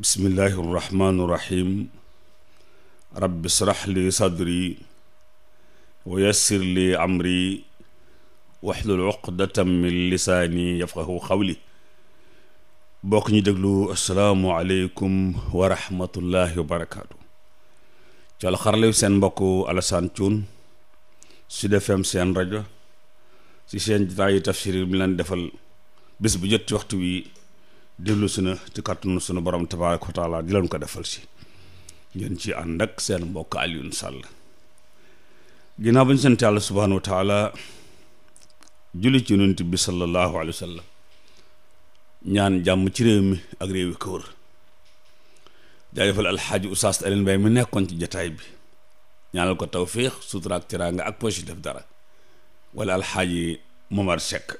bismillahi irrahmaani irrahim rabbi srax li sadri wa yassir li amri waxlul uqdatam min lisaani yafqahu xawli bokk ñu déglu asalaamu aleykum wa rahmatullahi wa barakaatu ci alxarlew seen mbokk Alassane Thioune Sud FM seen rajo si seen jotaayu tafsir bi leen defal bés bu waxtu wi dellu si na ci kàttanu sunu borom tabaaraka wa taala di leen ko defal si ngeen ci ànd ak seen mbokk Alioune Sall ginnaaw ba ñu sant yàlla subhaanahu wa taala julli ci yonent bi sallallahu alayhi wa sallam ñaan jàmm ci réew mi ak réew yi ko wër jaajëfal alxaaji Oustaz nekkoon ci jataay bi ñaanal ko tawfiix sutura ak teraanga ak poche def dara wala alxaaji Momar Seck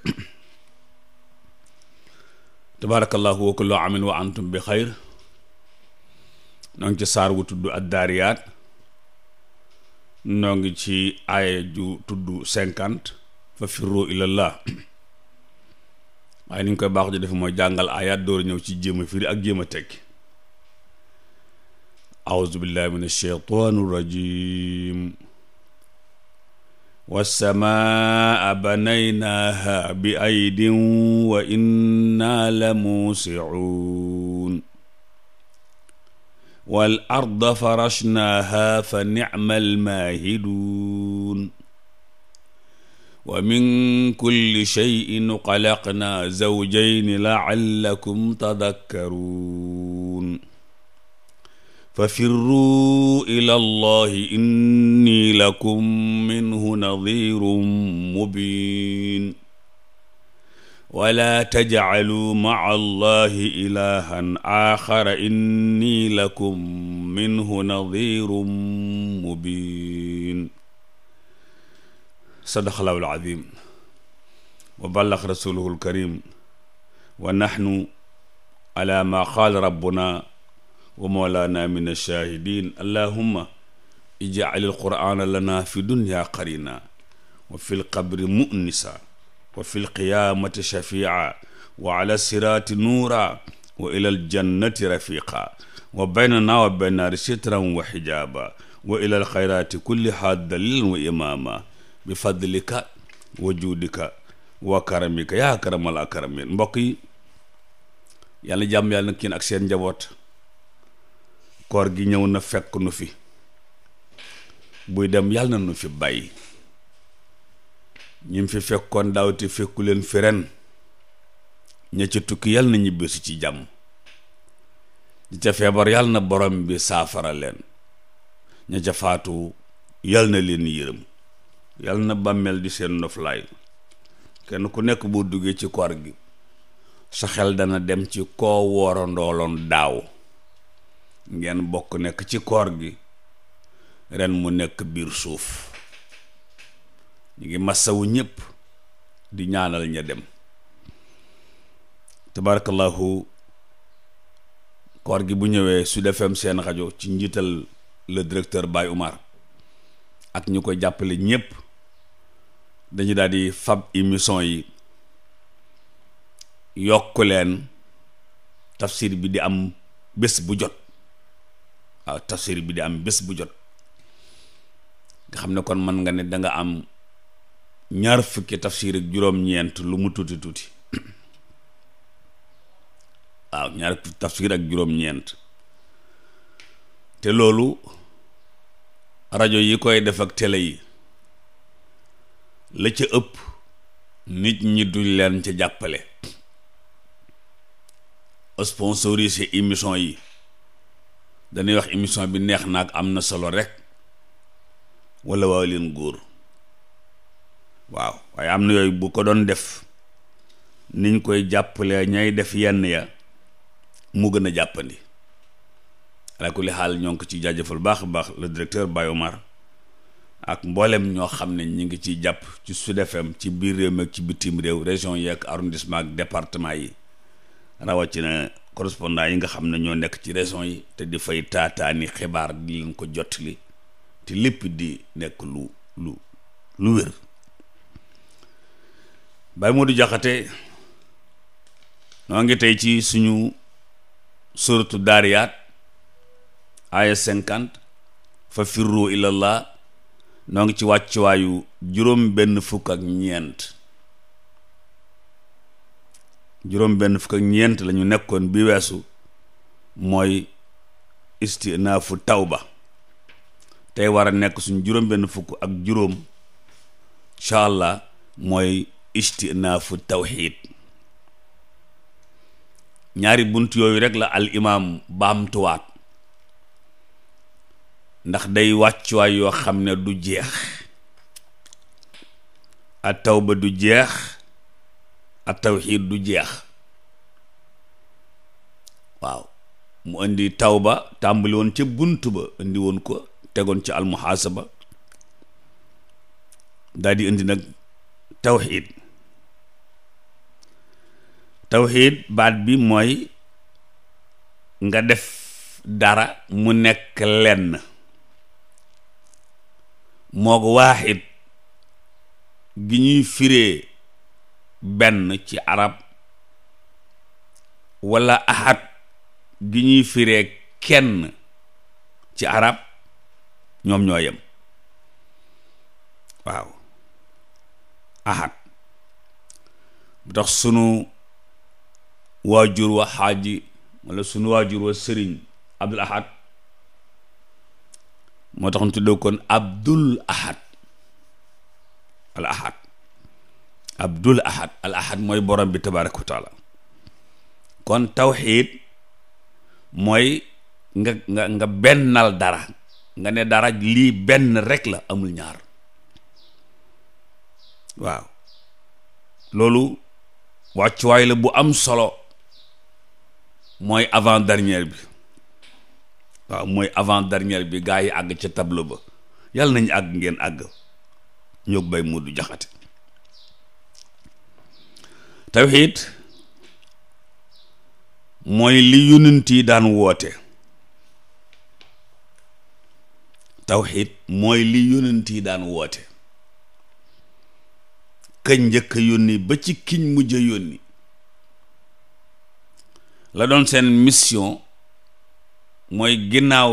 tabaarakallaahu wa kullu amin wa antum bi xayr noo ngi ci saar wu tudd addaariyaat noo ngi ci aaya ju tudd cinquante fa firru ilallah waaye ni ñu koy baaxu ji def mooy jàngal aayaat door ñëw ci jéem a ak jéem a tekki auzu billahi min alsheytaani wassamaa banaynaaha bi aydin wa inna la muusicuun wal arda farashnaaha fa nicmal maahiduun wa min kulli shay'in xalaqnaa zawjayni la'allakum tadakkaruun fa firru ila allahi inni lakum minhu nadirun mubin wala tajcaluu maca allahi ilahan aaxara inni lakum minhu nadirun mubin sadaqallahu alazim wa ballax rasuluhu alkarim wa naxnu ala ma qaal rabbuna wa mawlaana min ash-shaahidin allahumma ij'al al-qur'ana lana fi dunya qarina wa fi l-qabri mu'nisa wa fi l-qiyamati shafi'a wa ala sirati nuura wa ila al-jannati rafiqa wa baynana wa bayna naari sitran wa hijaaba wa ila al-khayrati kulliha dalilan wa imaama bi fadlika wa juudika wa karamika yaa akramal akramin mbokk yi yàlla jàmm yàlla na kiin ak seen njaboot koor gi ñëw na fekk nu fi buy dem yàlla na nu fi bàyyi ñi fi fekkoon daaw te fekku leen fi ren ña ca tukki yàlla na ñibbisi ci jàmm ña ca feebar yàlla na borom bi saafara leen ña ca faatu yàlla na leen yërëm yàlla na bàmmeel di seen noflaay kenn ku nekk bu duggee ci koor gi sa xel dana dem ci koo woora ndooloon daaw ngeen bokk nekk ci koor gi ren mu nekk biir suuf ñu ngi massawu ñépp di ñaanal ña dem tabarakallahu koor gi bu ñëwee su FM seen rajo ci njiital le directeur Baye Oumar ak ñu koy jàppale ñépp dañu daal di fab émission yi yokk leen tafsir bi di am bés bu jot waaw tafsir bi di am bés bu jot nga xam ne kon mën nga ne danga am ñaar fukki tafsir ak juróom-ñeent lu mu tuuti tuuti waaw ñaar fukki tafsir ak juróom-ñeent te loolu rajo yi koy def ak télé yi la ca ëpp nit ñi duñ leen ca jàppale sponsorisé émission yi danay wax émission bi neex na ak am na solo rek wala waa leen góor waaw waaye am na yooyu bu ko doon def niñ koy jàppale ñay def yenn ya mu gën a jàppandi ala kulli xaal ñoo ngi ko ci jaajëfal baax a baax le directeur Baye Omar ak mboolem ñoo xam ne ñu ngi ciy jàpp ci Sud FM ci biir réew mi ak ci bitim réew région yi ak arrondissement ak département yi rawatina correspondant yi nga xam ne ñoo nekk ci région yi te di fay taataani xibaar di leen ko jottali te lépp di nekk lu lu lu wér Baye Modou Jaxate noo ngi tey ci suñu suratu daariyaat aaya cinquante fa firru ilallah noo ngi ci wàccuwaayu juróom benn fukk ak ñeent juróom benn fukk ak ñeent la nekkoon bi weesu mooy istinaafu tawba tey war a nekk suñ juróom benn fukk ak juróom incha allah mooy istinaafu tawxiid ñaari bunt yooyu rek la al imaam baamtuwaat ndax day wàccuwaay yoo xam ne du jeex at tawba du jeex ak tawxiid du jeex waaw mu indi taw ba tàmbaliwoon ca bunt ba indi woon ko tegoon ci almuhaasaba daal di indi nag tawxiid tawxiid baat bi mooy nga def dara mu nekk lenn moog waaxid gi ñuy firee benn ci arab wala ahad gi ñuy firee kenn ci arab ñoom ñoo yem waaw ahad bu tax sunu waajur wa xaaji wala sunu waajur wa sëriñ abdul ahad moo tax ñu tuddee kon abdul ahad al ahad abdul ahad al ahad mooy borom bi tabaaraka wa taala kon tawxiid mooy nga nga nga bennal dara nga ne dara lii benn rek la amul ñaar waaw loolu wàccuwaay la bu am solo mooy avant dernière bi waaw mooy avant dernière bi gaa yi àgg ca tableau ba yàlla nañu àgg ngeen àgg ñoo bay mu du tawxiid mooy li yonent yi daan woote tawxiid mooy li yonent daan woote kañ njëkk a yónni ba ci kiñ mujj a yónni la doon seen mission mooy ginnaaw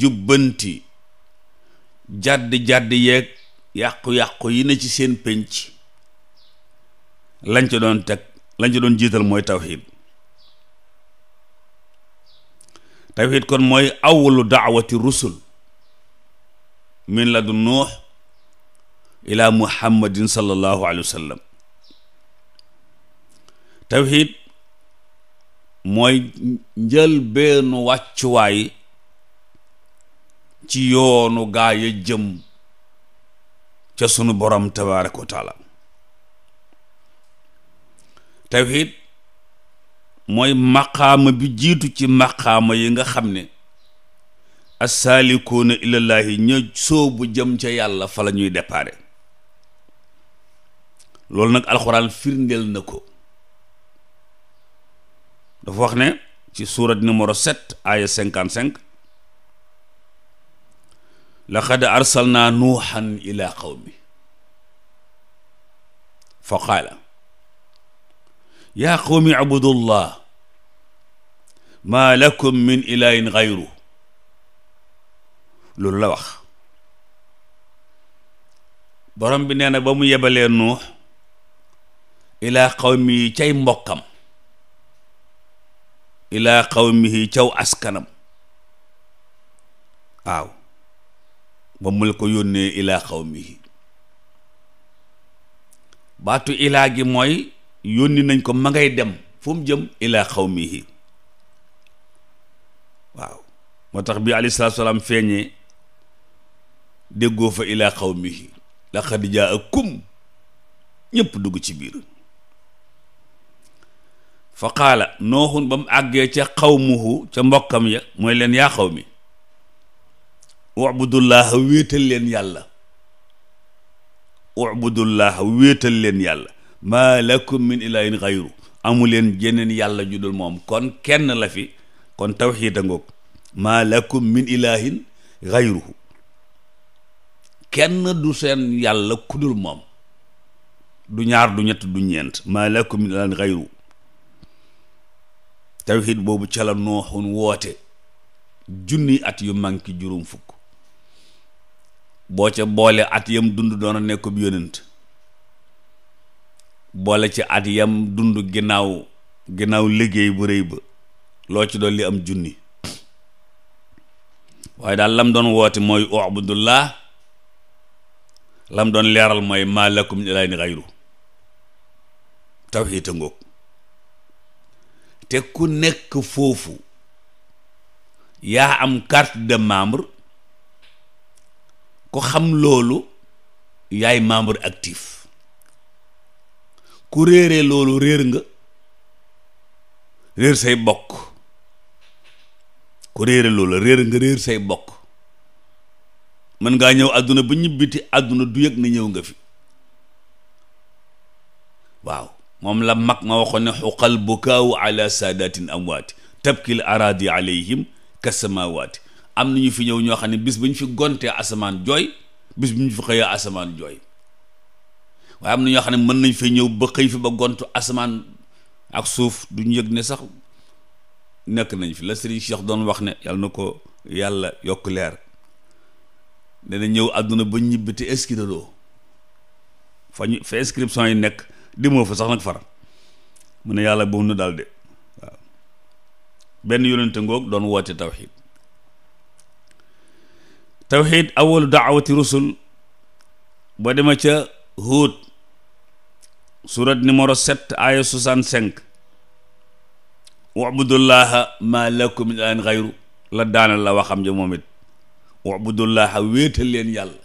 jubbanti jàdd jàdd yeeg yàqu-yàqu yi na ci seen pénc lañ ca doon teg lañ ca doon jiital mooy tawxiid tawxiid kon mooy awalu daawati rusul min la du nuux ila muhammadin sallallahu alayhi wa tawxiid mooy njël beenu wàccuwaay ci yoonu gaa jëm ca sunu borom tabaaraka wa tawxiid mooy maqaama bi jiitu ci maqaama yi nga xam ne assaalikuuna ilallaahi ña sóobu jëm ca yàlla fa la ñuy déparé loolu nag alxuraan firndeel na ko dafa wax ne ci surat numéro 7 aya 55 laqad arsalnaa nuuxan ila qawmi fa qaala yaa qawmi abudullah maa lakum min ilahin xayru loolu la wax borom bi nee na ba mu yebalee nuux ilaa qawmihi cay mbokkam ilaa qawmihi caw askanam waaw ba mu la ko yónnee ilaa qawmihi baatu ilaa gi mooy yónni nañ ko ma ngay dem fu mu jëm ila xawmihi waaw moo tax bi alayhi salaatu salaam feeñee déggoo fa ila xawmihi laqad jaakum ñépp dugg ci biir fa qaala nooxun ba mu àggee ca xawmuhu ca mbokkam ya mooy leen yaa xaw mi ubudullaha wéetal leen yàlla ubudullaha wéetal leen yàlla ma lakum min ilahin xayru amu leen jeneen yàlla ju moom kon kenn la fi kon tawxiid a ngoog ma lakum min ilahin xayruhu kenn du seen yàlla ku dul moom du ñaar du ñett du ñeent ma min ilahin xayru tawxiid boobu ca la nooxun woote junni at yu manki juróom fukk boo ca boole at yam dund doon a nekk bu yonent boole ci at yam dund ginnaaw ginnaaw liggéey bu rëy ba loo ci doon li am junni waaye daal lam doon woote mooy ubudullah lam doon leeral mooy maa lakum min ilaahin ghayru tawhiid ngoog te ku nekk foofu yaa am carte de membre ku xam loolu yaay membre actif ku réere loolu réer nga réer say bokk ku réere loolu réer nga réer say bokk mën ngaa ñëw àdduna ba ñibbiti àdduna du yëg na ñëw nga fi waaw moom la mag ma waxoon ne xuqal bukaawu ala saadatin amwaati tabkil araadi alayhim kasamawaati am na ñu fi ñëw ñoo xam ne bis bu ñu fi gontee asamaan jooy bis bu ñu fi xëyee asamaan jooy waaye am na ñoo xam ne mën nañ fa ñëw ba xëy fi ba gontu asamaan ak suuf duñu yëg ne sax nekk nañ fi la sëriñ Cheikh doon wax ne yàlla na ko yàlla yokk leer dana ñëw àdduna ba ñibbi te inscrire loo yi nekk demoo fa sax nag mu ne yàlla boobu nu daal de waaw benn yonente ngoog doon woote tawxid tawxid awalu daawati rusul boo demee ca Hud surat numéro 7 aya 65 wabudullaha ma lakum min ilahin xayru la daanal la waxam ja moom it wabudullaha wéetal leen yàlla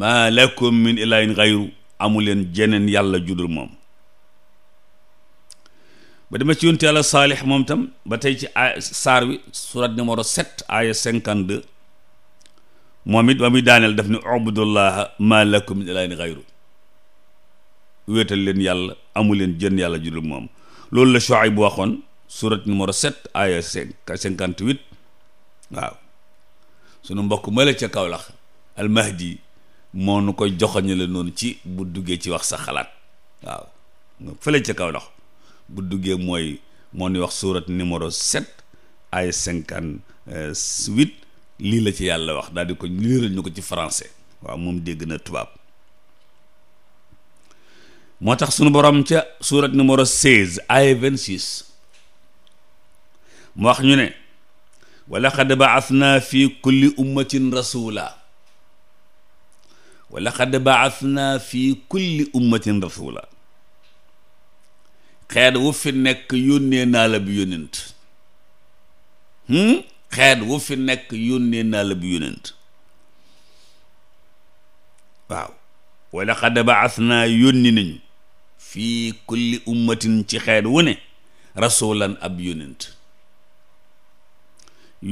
ma lakum min ilahin xayru amu leen jeneen yàlla judul moom ba dama ci yonte yàlla saalix tam ba tey ci a saar wi surat numéro 7 aya 52 moom it ba muy daaneel daf ne ubudullaha ma lakum min ilahin xayru wéetal leen yàlla amu leen jën yàlla ju moom loolu la Shuayb bu waxoon surat numéro 7 aya 58 waaw sunu mbokk mala ca Kaolack al mahdi moo nu koy joxoñe la noonu ci bu duggee ci wax sa xalaat waaw ca Kaolack bu duggee mooy moo ni wax surat numéro 7 aya 58 lii la ci yàlla wax daal di ko liiral ñu ko ci français waaw moom dégg na tubaab moo tax sunu borom ca suurat numéro 16 ay 26 mu wax ñu ne ba laqad naa fi kulli ummatin rasula wa laqad baasna fi kulli ummatin rasula xeet wu fi nekk yónnee naa la bi yónent hmm? xeet wu fi nekk yónnee naa la bi yónent waaw wa laqad baasna yónni nañu fii kulli ummatin ci xeet wu ne rasulan ab yonent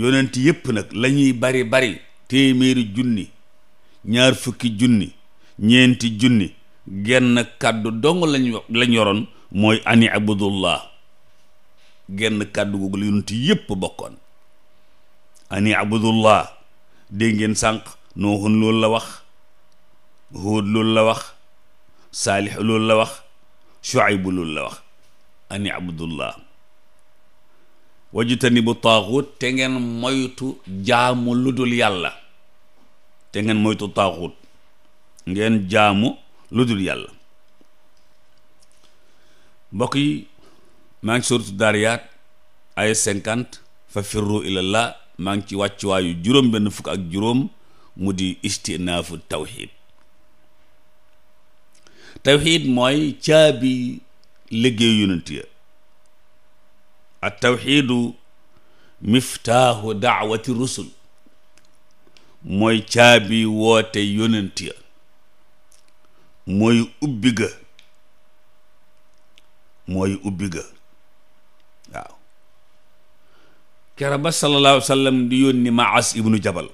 yonent yépp nag lañuy bari bari téeméeri junni ñaar fukki junni ñeenti junni genn kàddu dong lañ lañ yoroon mooy ani abudullah genn kàddu googu la yonent yépp bokkoon ani abudullah dégg ngeen sànq nooxun loolu la wax huud loolu la wax saalix loolu la wax Shuaybu bu la wax ani abdullah bu taaxut te ngeen moytu jaamu lu dul yàlla te ngeen moytu taaxut ngeen jaamu lu dul mbokk yi maa ngi suuratu ay cinquante fa firru ilallah maa ngi ci wàccuwaayu juróom benn fukk ak juróom mu di istinaafu tawxiid tawxiid mooy caabi liggéey yonent ya at tawxiidu miftaahu daawati rusul mooy caabi woote yonent mooy ubbi ga mooy ubbi ga waaw kera ba sallallahu wa sallam di yónni Maas ibnu Jabal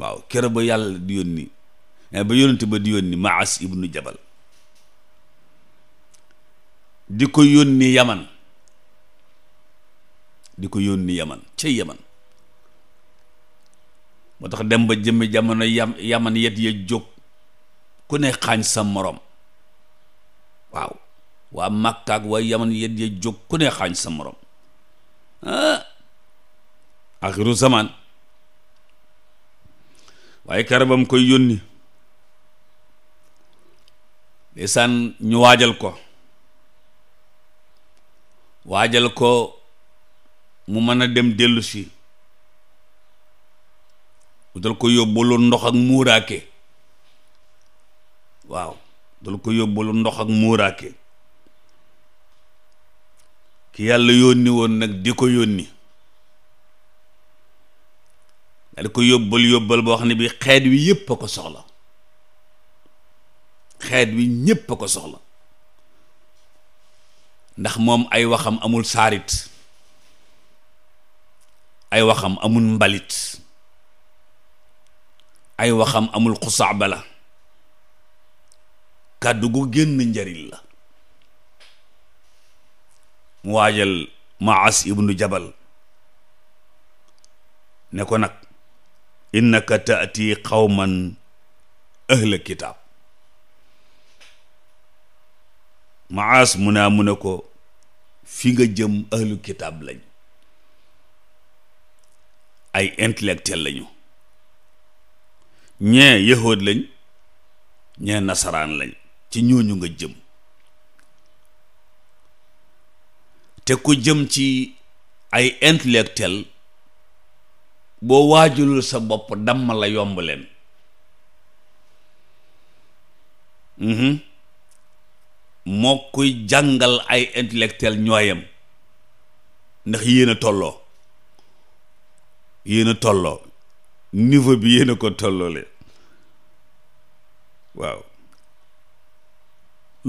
waaw kera ba yàlla di yónni Eh, ba yónent ba di yónni maas ibnu jabal di ko yónni yaman di ko yónni yaman ca yaman moo tax dem ba jëmmi jamono yam yaman yet ya jóg ku ne xaañ sa morom waaw waa Makka waa yaman yet ya jóg ku ne xaañ sa morom ah axiru zaman waaye karabam koy yónni ndeysaan ñu waajal ko waajal ko mu mën a dem dellusi si utal ko yóbbalu ndox ak muuraake waaw dal ko yóbbalu ndox ak muuraake ki yàlla yónni woon nag di ko yónni daal di ko yóbbal yóbbal boo xam ne bi xeet wi yépp a ko soxla xeet wi ñépp a ko soxla ndax moom ay waxam amul saarit ay waxam amul mbalit ay waxam amul xusaabala kàddu gu génn njariñ la mu waajal maas ibnu jabal ne ko nag innaka taati qawman ahla kitaab maas mu naa mu ne ko fi nga jëm ahlu kitaab lañ ay intellectuel lañu ñee yahood lañ ñee nasaraan lañ ci ñuuñu nga jëm te ko jëm ci ay intellectuel boo waajulul sa bopp damm la yomb leen mm-hmm. moo koy jàngal ay intellectuel ñooyam ndax yéen a tolloo yéen a tolloo niveau bi yéen a ko tolloole waaw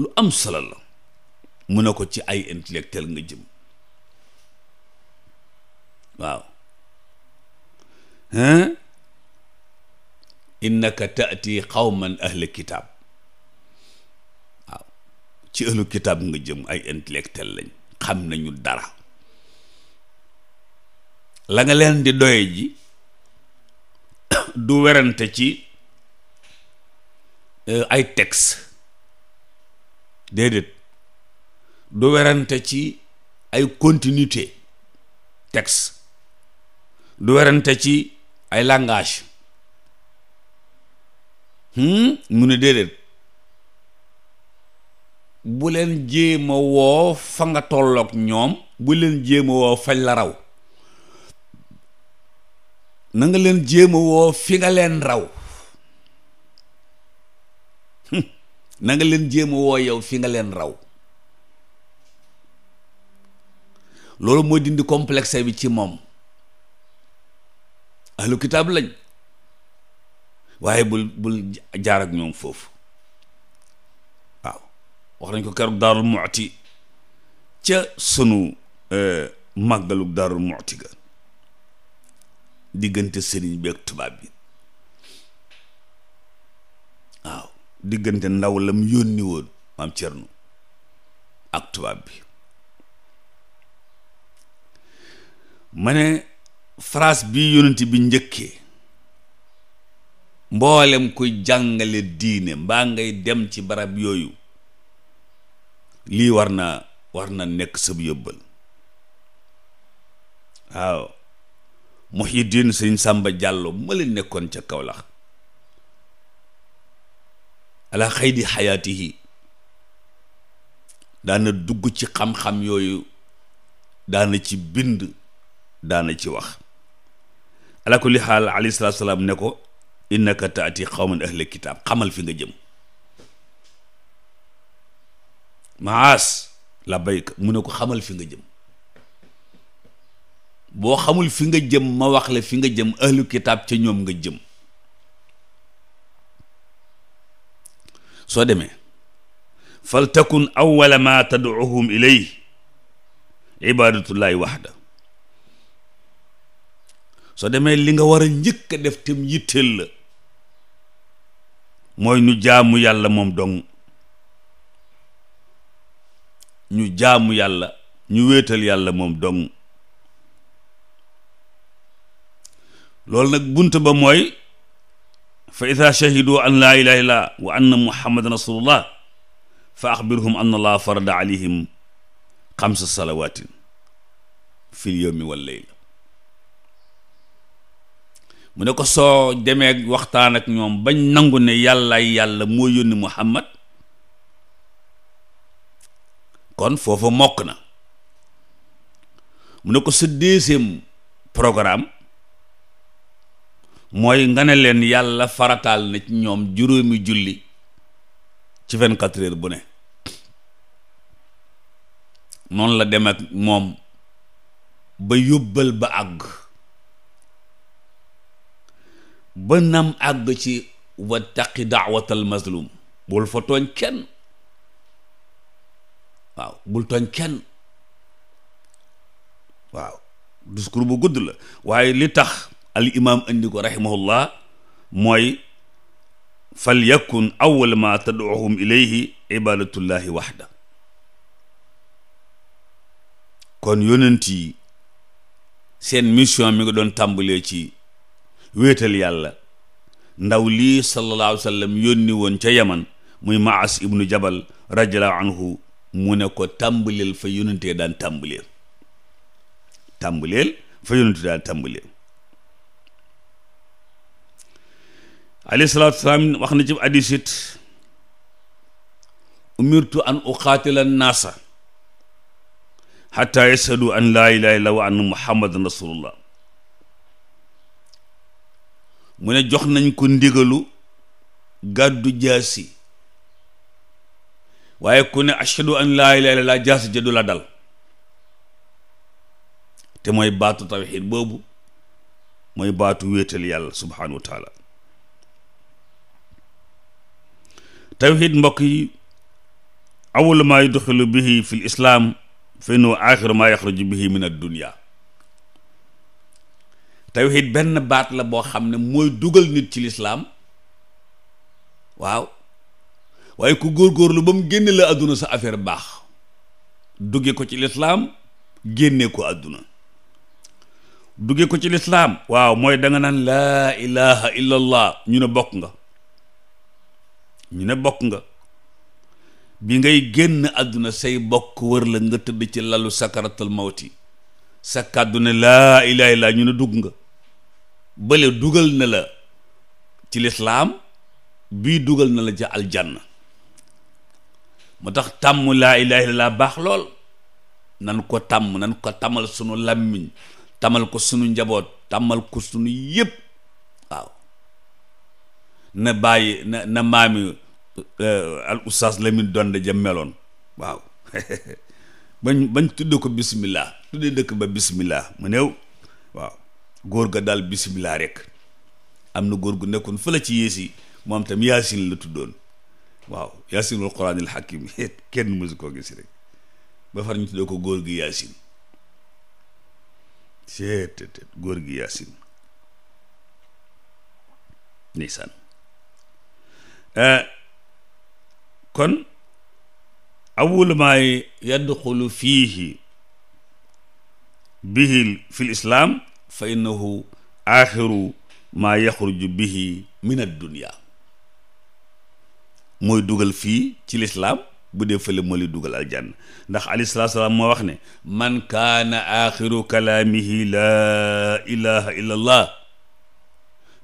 lu am solo la mu ne ko ci ay intellectuel nga jëm waaw innaka taati qawman ahla kitaab ci ëllu kitaab nga jëm ay intellectuel lañ xam nañu dara la nga leen di doye ji du werante ci euh, ay texte déedéet du werante ci ay continuité texte du werante ci ay langage hmm? mu ne déedéet bu leen jéem woo fa nga tollook ñoom bu leen jéem a woo fañ la raw na nga leen jéem a woo fi nga leen raw na leen jéem a woo yow fi nga leen raw loolu mooy dindi complexe bi ci moom ahlu kitaab lañ waaye bul bul jaar ak ñoom foofu wax nañ ko keroog daarul muxti ca sunu eh, màggalug daarul muxti ga diggante sëriñ bi ak tubaab bi waaw diggante ndaw lam yónni woon maam cernu ak tubaab bi ma ne phrase bi yonent bi njëkkee mboolem kuy jàngale diine mbaa ngay dem ci barab yooyu lii war na war na nekk sab yóbbal waaw Muhyiddin sëñ Sàmba Jàllo ma la nekkoon ca Kawlax ala xaydi yi daana dugg ci xam-xam yooyu daana ci bind daana ci wax ala li xaal alayhi salaatu salaam ne ko innaka taati qawman ahla kitaab xamal fi nga jëm maas labbayka mu ne ko xamal fi nga jëm boo xamul fi nga jëm ma wax la fi nga jëm ahlu kitaab ca ñoom nga jëm soo demee fal takun awwala ma tad'uhum ilay ibaadatullaahi waxda soo demee li nga war a njëkk a def tam yitteel la mooy nu jaamu yàlla moom dong ñu jaamu yàlla ñu wéetal yàlla moom dong loolu nag bunt ba mooy fa ida shahidu an laa ilaha illa wa anna muhammadan rasulullah fa axbirhum anna allah farada alayhim xamsa salawatin fil yowmi wal layla mu ne ko soo demee waxtaan ak ñoom bañ nangu ne yàllaay yàlla moo yónni muhammad kon foofa mokk na mu ne ko sa deuxième programme mooy nga ne leen yàlla farataal na ci ñoom juróomi julli ci vingt quatre heures bu ne noonu la dem moom ba yóbbal ba àgg ba nam àgg ci wattaqi daawatal mazlum bul fa tooñ kenn waaw bul tooñ kenn waaw discours bu gudd la waaye li tax al imaam indi ko rahimahullah mooy fal yakun awal ma tad'uhum ilayhi ibadatullahi waxda kon yonent yi seen mission mi ngi doon tàmbalee ci wéetal yàlla ndaw lii sallallahu alayhi wa sallam ca yaman muy maas ibnu jabal radiallahu anhu mu ne ko tàmbaleel fa yónnentee daan tàmbaleel tàmbaleel fa yónnentee daan tàmbaleel alayhi salaatu wasalaam wax na ci hadiis umirtu an uqaatila naasa xatta yashadu an laa ilaaha illa wa anna muhammadan rasulullah mu ne jox nañ ko ndigalu gàddu jaasi waaye ku ne ashhadu an laa ilaaha illallaah jaas ja du la dal te mooy baatu tawxiid boobu mooy baatu wéetal yàlla subhaanahu wa tawxiid mbokk yi awwalu maa yudxilu bihi fi l islaam fa innahu aaxiru maa bihi min ad tawxiid benn baat la boo xam ne mooy dugal nit ci lislaam waaw waaye ku góorgóorlu ba mu génne la àdduna sa affaire baax dugge ko ci lislaam génne ko àdduna dugge ko ci lislaam waaw mooy da nga naan laa ilaha illallah ñu ne bokk nga ñu ne bokk nga bi ngay génn àdduna say bokk wër la nga tëdd ci lalu sakaratul mawti sa kàddu ne laa ilaha illa ñu ne dugg nga bële dugal na la ci lislaam bii dugal na la ca aljanna moo tax tàmm laa ilaha illallah baax lool nan ko tàmm nan ko tamal sunu làmmiñ tamal ko sunu njaboot tàmmal ko sunu yëpp waaw na bàyyi na na maami eh, al oustaz Lamine Donde jëm meloon waaw bañ bañ tudd ko bismillah tuddee dëkk ba bismillah mu néew waaw góor ga daal bismillah rek am na góor gu nekkoon fële ci yées yi moom tam yaasin la tuddoon waaw yaasin wal quraanil hakim kenn mësu koo gis rek ba far ñu tuddee ko góor gi yaasin seet te góor gi yaasin ndeysaan eh, kon awwalu maa yadxulu fiihi bihi fi lislaam fa innahu aaxiru maa yaxruju bihi min ad dunya mooy dugal fii ci lislaam bu dee fële moo lay dugal aljanna ndax alayhi salaam moo wax ne man kaana axiru kalaamihi laa ilaha illa allah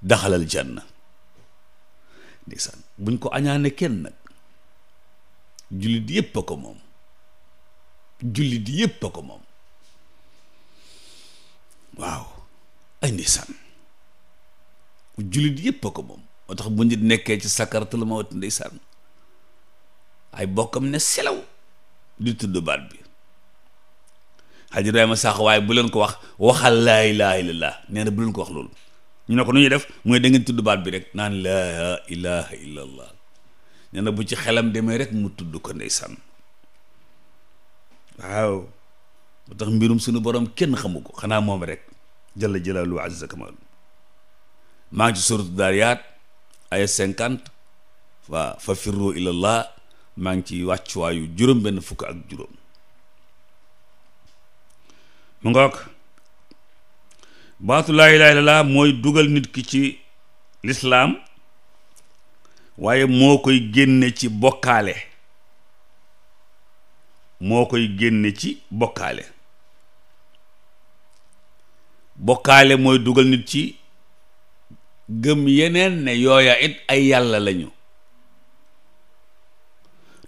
daxal aljanna ndeysaan buñ ko añaane kenn nag jullit yépp a ko moom jullit yépp a ko moom waaw ay ndeysaan jullit yépp a ko moom moo tax bu nit nekkee ci sakaratul mawt ndeysaan ay bokkam ne selaw di tudd baat bi Haji ma Sakho waaye bu leen ko wax waxal laa ilaha illallah nee bu ko wax loolu ñu ne ko nu def mooy da ngeen baat bi rek naan laa ilaha illallah na bu ci xelam demee rek mu tudd ko ndeysaan waaw ba tax mbirum sunu borom kenn xamu ko xanaa moom rek jalla jalaalu azza maa ngi ci suratu daariyaat ay cinquante fa firru ilallah maa ngi ci wàccuwaayu juróom benn fukk ak juróom mu ngoog baatu laa ilaaha illallaah mooy dugal nit ki ci lislaam waaye moo koy génne ci bokkaale moo koy génne ci bokkaale bokkaale mooy dugal nit ci gëm yeneen ne yooya it ay yàlla lañu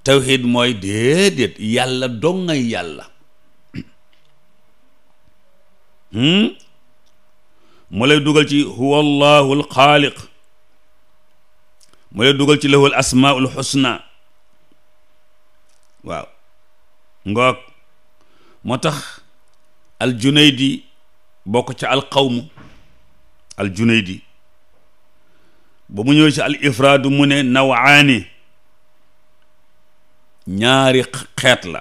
tawxiid mooy déedéet yàlla dongay yàlla hmm? mu lay dugal ci huwa allahu alxaaliq mu lay dugal ci lahu al asmaul xusna waaw ngoog moo tax al junaydi bokk ci al qawmu al junaydi ba mu ñëw ci al mu ne nawaani ñaari xeet la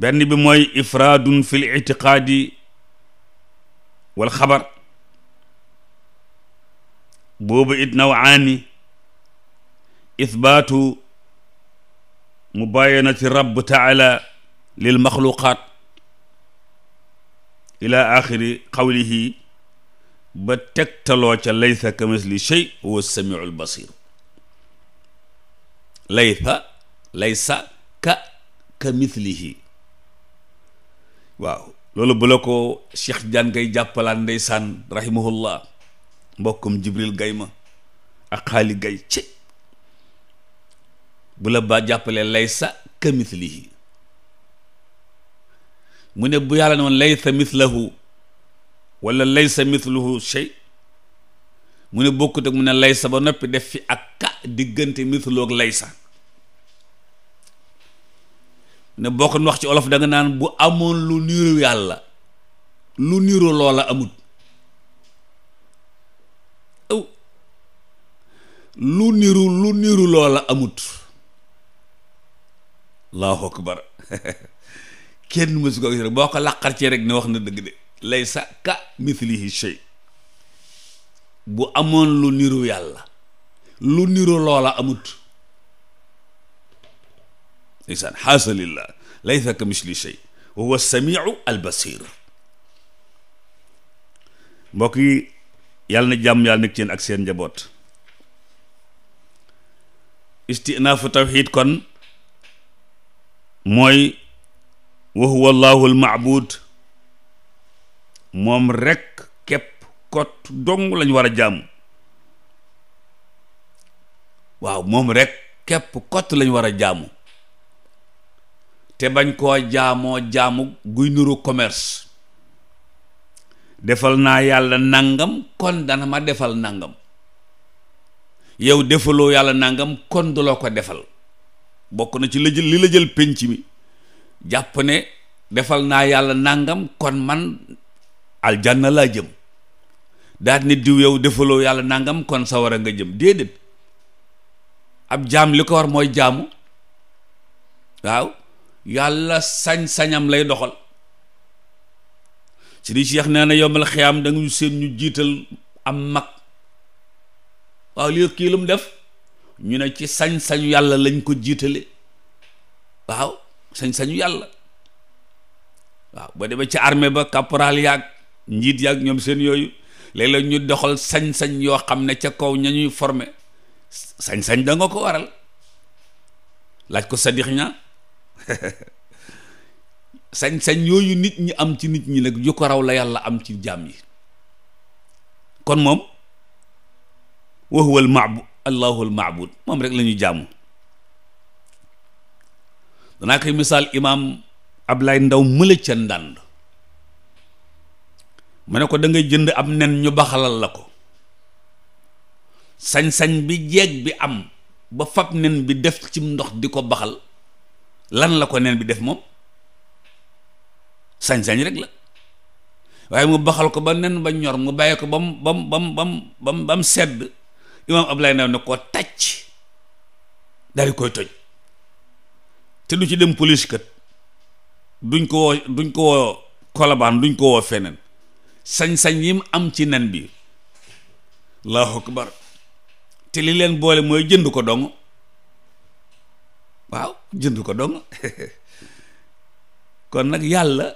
benn bi mooy ifraadun fil itiqaadi wal xabar boobu it nawaani ithbaatu mubayanati rabb taala lil maxluqaat ila axiri qawlihi ba tegtaloo ca laysa ka misli shay huwa samiu albasir laysa laysa ka ka mithlihi waaw loolu bu la ko Cheikh Jaan ngay jàppalaan ndeysaan rahimahullah mbokkum Jibril gay ma ak xaali gay ci bu la ba jàppalee laysa ka mithlihi mu ne bu yàlla ne woon laysa mithlahu wala laysa mithluhu shay mu ne bokkut ak mu ne laysa ba noppi def fi ak ka diggante mithloog laysa ne boo ko wax ci olof danga naan bu amoon lu niiru yàlla lu niiru loola amut aw lu niiru lu niiru loola amut allahu akbar kenn mësu ko gis rek boo ko làqar ci rek ne wax na dëgg de laysa ka mithlihi shay bu amoon lu niiru yàlla lu niiru loola amut ndeysaan xaasa lillah laysa ka misli shay wa huwa samiu albasir mbokk yi yàlla na jàmm yàlla nekk ci ak seen njaboot istinaafu tawxiid kon mooy wa huwa allahu almaabud moom rekk képp kott dong lañ war a jaamu waaw moom rekk képp kott lañ war a jaamu te bañ koo jaamoo jaamu guy nuru commerce defal naa yàlla nangam kon dana ma defal nangam yow defaloo yàlla nangam kon du la ko defal bokk na ci la li la jël pénc mi jàpp ne defal naa yàlla nangam kon man aljanna laa jëm daal ni diw yow defaloo yàlla nangam kon sawara nga jëm déedéet ab jaam li ko war mooy jaamu waaw yàlla sañ-sañam lay doxal Sëriñ Cheikh nee na yombal xiyaam da nga ñu seen ñu jiital am mag waaw lii kii lum def ñu ne ci sañ-sañu yàlla lañ ko jiitale waaw sañ-sañu yàlla waaw ba demee ci armée ba caporal yaag njiit yaag ñoom seen yooyu léeg-léeg ñu doxal sañ-sañ yoo xam ne ca kaw ña ñuy forme sañ-sañ da ko waral laaj ko sa dix ña sañ-sañ yooyu nit ñi am ci nit ñi nag yu ko raw la yàlla am ci jaam yi kon moom wa huwa allahu al maabud moom rek lañuy ñu jaamu danaa koy misaal imaam Ablaye Ndaw mëla ca ndànd ma ne ko dangay jënd am nen ñu baxalal la ko sañ-sañ bi jeeg bi am ba fab nen bi def cim ndox di ko baxal lan la ko neen bi def moom sañ-sañ rek la waaye mu baxal ko ba nen ba ñor mu bàyyi ko ba mu ba mu ba mu ba mu sedd imaam lay Ndaw ne koo tàcc daal di koy toj te du ci dem police kat duñ ko woo duñ ko woo kolabaan duñ ko woo feneen sañ-sañ yi mu am ci nen bi allahu akbar te li leen boole mooy jënd ko dong waaw jënd ko dong kon nag yàlla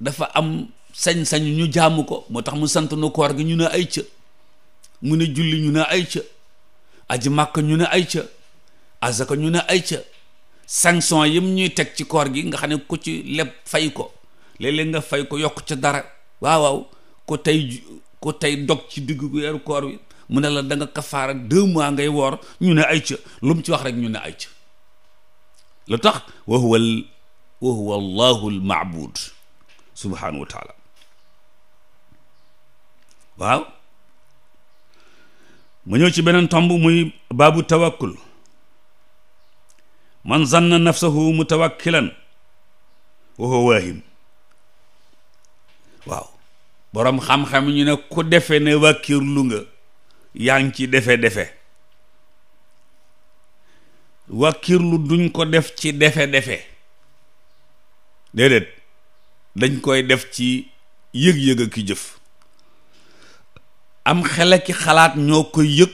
dafa am sañ-sañ ñu jàmm ko moo tax mu sant nu koor gi ñu ne ay ca mu ne julli ñu ne ay ca aji màkk ñu ne ay ca azaka ñu ne ay ca sanction yim ñuy teg ci koor gi nga xam ne ku ci leb fay ko léeg-léeg nga fay ko yokk ca dara waaw waaw ko tey ko tey dog ci diggu weeru koor wi mu ne la da nga kafaara deux mois ngay woor ñu ne ay ca lu mu ci wax rek ñu ne ay ca lu tax wa huwa al wa huwa taala waaw ma ñëw ci beneen tomb muy baabu tawakkul man zanna nafsahu mutawakkilan wa huwa waahim waaw boroom xam-xam ñu ne ku defe ne wàkkirlu nga yaa ngi ci defe-defe wàkkirlu duñ ko def ci defe-defe déedéet dañ koy def ci yëg-yëg ak ki jëf am xel ki xalaat ñoo koy yëg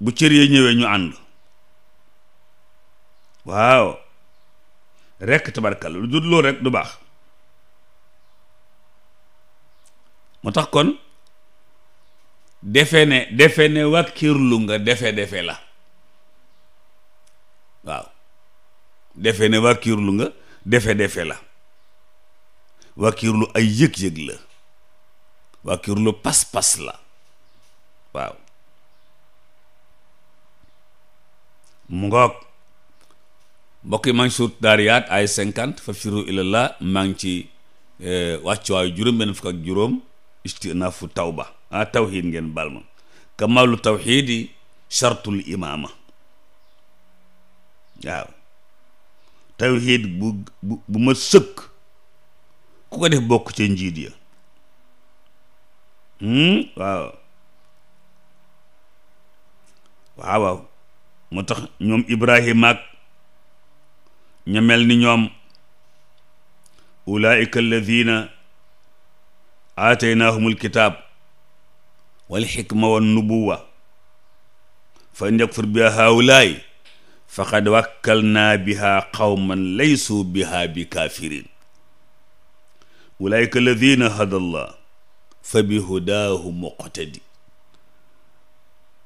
bu cër ya ñëwee ñu ànd waaw rekk tabarkal lu dul rek du baax moo tax kon defe ne defe ne wàkkirlu nga defe-defe la waaw defe ne wàkkiirlu nga defe defe la wakiirlu ay yëg-yëg la wàkkiirlu pas-pas la waaw mu ngoog mbokk yi maa ngi suut daariyaat ay cinquante fa firu ilallah maa ngi ci eh, wàccuwaayu juróom benn fukk ak juróom istinaafu tawba ah tawxiid ngeen baal ma kamaalu tawxiidi shartul imaama waaw tawxiid bu bu ma sëkk ku ko def bokk ca njiit ya hmm? waaw waaw waaw tax ñoom ibrahima ak ña mel ni ñoom ulaika alladina aataynahum alkitab walxikma wannubuwa fa in yakfur biha haulaay faqad wakkalnaa biha qawman laysu biha bi kaafirin ulaika alladina hada llah fa bi hudaahu muqtadi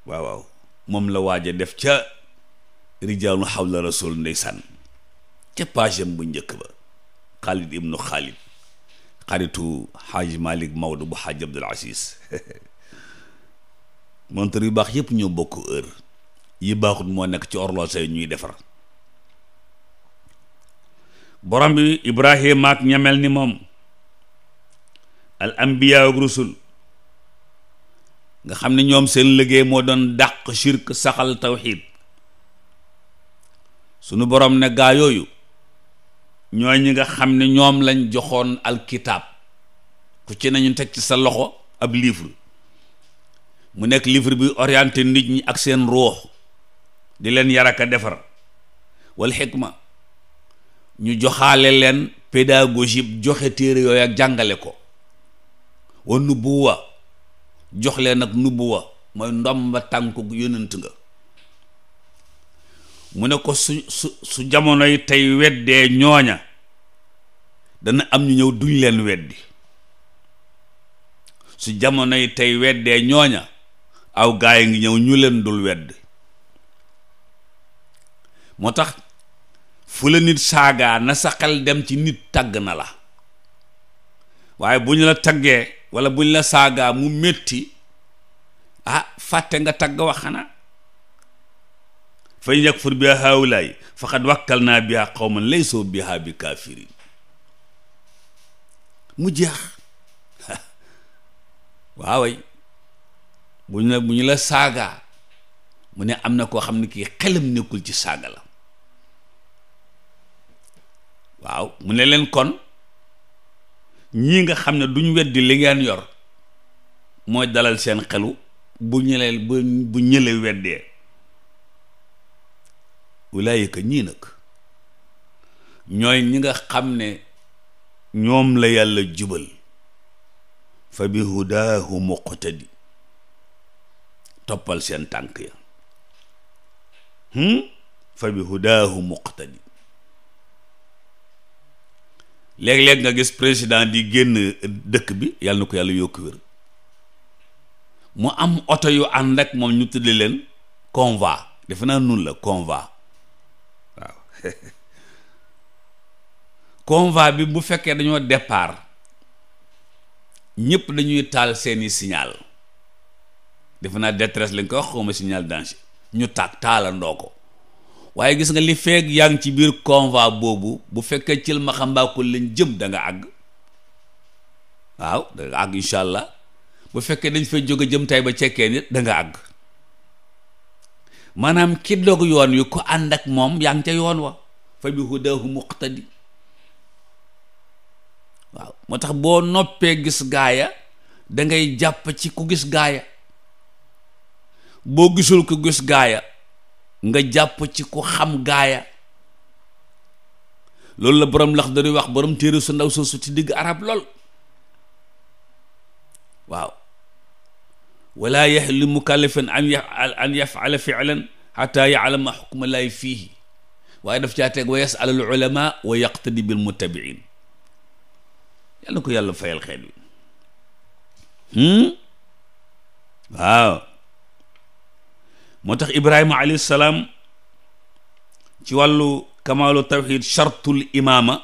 waaw waaw moom la waaj a def ca rijaalun xawla rasul ndeysaan ca pagem bu njëkk ba xaalid ibnu xaalid xaritu xaaj malik maodo bu xaaj abdul asis montar yu baax yépp ñoo bokk heure yi baaxut moo nekk ci horloge yi ñuy defar borom bi ibrahima ak ñamel ni moom al ambiya ak rusul nga xam ne ñoom seen liggéey moo doon dàq shirk saxal tawxid sunu borom ne gaa yooyu ñooy ñi nga xam ne ñoom lañ joxoon alkitaab ku ci nañu teg ci sa loxo ab livre mu nekk livre bi orienté nit ñi ak seen ruux di leen yaraka defar wal xikma ñu joxaale leen pédagogie joxe téere yooyu ak jàngale ko wa nubuwa jox leen ak nubuwa mooy ndomba tànku yónent nga mu ne ko su su su jamonoy tey weddee ñooña dana am ñu ñëw duñ leen weddi su jamonoy tey weddee ñooña aw gaay ngi ñëw ñu leen dul wedd moo tax fu la nit saagaa na sa xel dem ci nit tàgg na la waaye bu ñu la taggee wala bu la saagaa mu metti ah fàtte nga tagg wax xanaa fa in yakfur biha haulaay faqad wakkalna biha qawman laysu mu jeex waaway bu ñu la bu ñu la saagaa mu ne am na koo xam ne kii xelam nekkul ci saaga la waaw mu ne leen kon ñi nga xam ne duñ weddi li ngeen yor mooy dalal seen xelu bu ñëlee bu bu ñële weddee ulaayika ñii nag ñooy ñi nga xam ne ñoom la yàlla jubal fa bi hudaahu muqtadi toppal seen tànk ya hmm fa bi hudaahu muqtadi léeg-léeg nga gis président di génn dëkk bi yàlla na ko yàlla yokk wér mu am oto yu ànd ak moom ñu tudde leen convoi defe naa nun la convoi waaw convoi bi bu fekkee dañoo départ ñëpp dañuy taal seeni signal defe naa détresse lañ ko wax xawma signal danger ñu taag taalandoo ko waaye gis nga li feeg yaa ngi ci biir convoi boobu bu fekkee cil ma xambaakul lañ jëm danga nga àgg waaw da àgg incha bu fekkee dañ fay jóge jëm tay ba cekkee nit da àgg maanaam ki dog yoon wi ko ànd ak moom yaa ngi ca yoon wa fa bi hudahu muqtadi waaw moo tax boo noppee gis gaaya dangay jàpp ci ku gis gaaya boo gisul ku gis gaaya nga jàpp ci ku xam gaaya loolu la borom lax dañuy wax borom téere su ndaw soosu ci digg arab lool waaw wala yaxlu mukallafin an an yafala filan xata yaalama xukma laay fiihi waaye daf caa teg wa yasal al ulama wa yaqtadi bil muttabiin yàlla na ko yàlla fayal xeet wi hmm? waaw moo tax ibrahima alayhi salaam ci wàllu kamaalu tawxid chartul imaama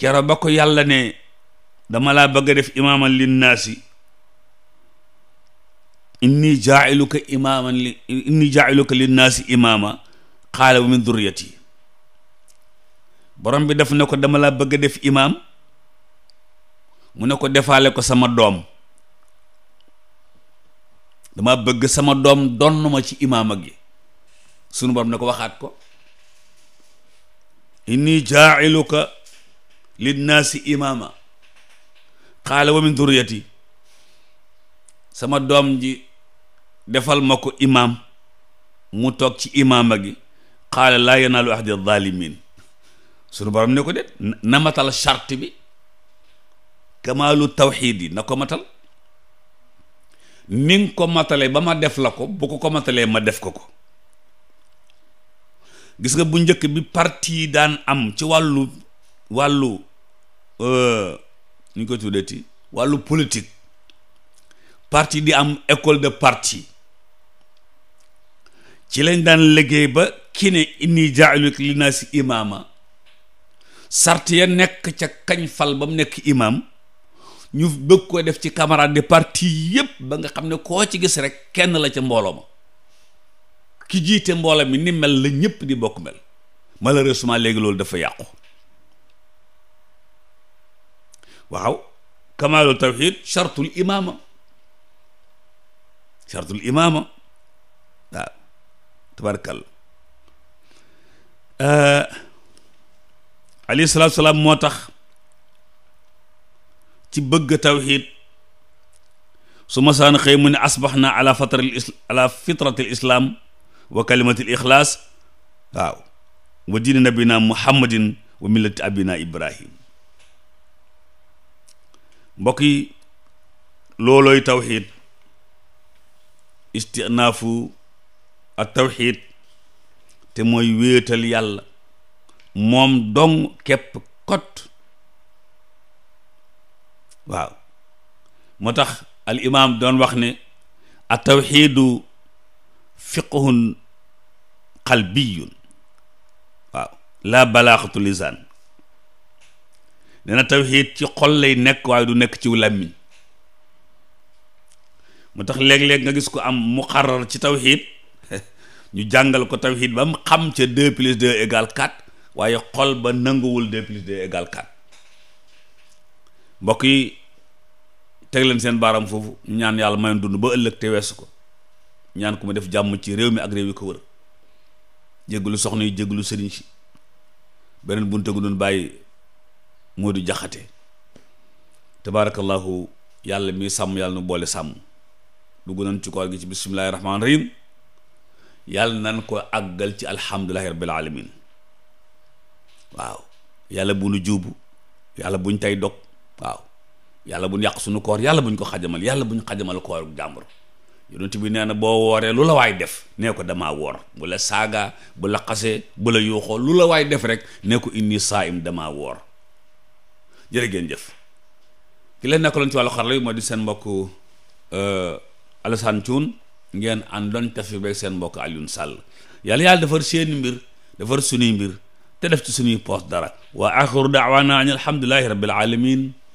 kero ba ko yàlla ne dama laa bëgg a def imaaman linnaasi inni jaa'iluka imaaman li inni jaa'iluka linnaasi imaama xaala wa min durriyati borom bi def na ko dama laa bëgg a def imaam mu ne ko defaale ko sama doom dama bëgg sama doom donn ma ci imaama gi sunu borom ne ko waxaat ko inni jaa'iluka linnaasi imaama xaala wa min duriyati sama doom ji defal ma ko imaam mu toog ci imaama gi xaala laa yanaalu ahdi zalimin sunu borom ne ko déet na matal charte bi kamaalu tawxiid na ko matal ni ko matale ba ma def la ko bu ko ko matalee ma def ko ko gis nga bu njëkk bi parti daan am ci wàllu wàllu euh, ñu ko tuddeeti wàllu politique parti di am école de parti ci lañ daan liggéey ba ki ne inni jaa'iluk linnaasi imaama sart ya nekk ca kañ fal ba mu nekk imaam ñu bëgg koo def ci camarade de parti yépp ba nga xam ne koo ci gis rek kenn la ca mbooloo ma ki jiite mbooloo mi ni mel la ñépp di bokk mel suma léegi loolu dafa yàqu waaw kamaalu tawxid chartul imaama chartul euh, salaam moo tax ci bëgg tawxiid su masaan xëy mu ne asbax na ala fatratil ala fitratil islaam wa kalimatil ixlaas waaw wa diini nabina muhammadin wa millati abina ibrahim mbokk loolooy tawxiid istinaafu ak tawxiid te mooy wéetal yàlla moom dong kepp kot waaw moo tax al imaam doon wax ne a tawxiidu fiqhun qalbiyun waaw laa balaaxatu lisaan nee na tawxiid ci xol lay nekk waaye du nekk ci làmmiñ moo tax léeg-léeg nga gis ko am muqarrar ci tawxiid ñu jàngal ko tawxiid ba mu xam ca deux plus de égale quatre waaye xol ba nanguwul deux plus deux égale quatre mbokk yi teg leen seen baaram foofu ñaan yàlla mayoon dund ba ëllëg te weesu ko ñaan ku ma def jàmm ci réew mi ak réew yi ko wër jégglu soxna yi jégglu sëriñ si beneen bunte gu bàyyi moo di jaxate tabaarakallahu yàlla mi sàmm yàlla nu boole sàmm dugg nañ ci gi ci bismillaahi rahmaani rahim yàlla nan ko àggal ci alhamdulillahi rabbil alamin waaw yàlla bu nu juubu yàlla buñ tay dog waaw yàlla buñ yàq suñu koor yàlla buñ ko xajamal yàlla buñ xajamal koor jàmbur yonent bi nee na boo wooree lu la waay def nee ko damaa woor bu la saaga bu la xase bu la yuuxoo lu la waay def rek nee ko indi saa saa'im damaa woor jërëgéen jëf ki leen nekkaloon ci wàllu xarala yi moo di seen mbokk euh, Alassane Thioune ngeen àndoon tafi beeg seen mbokk Alioune Sall yàlla yàlla defar seeni mbir defar sunuy mbir te def ci sunuy poos dara wa axiru daawaana an alhamdulillahi rabbil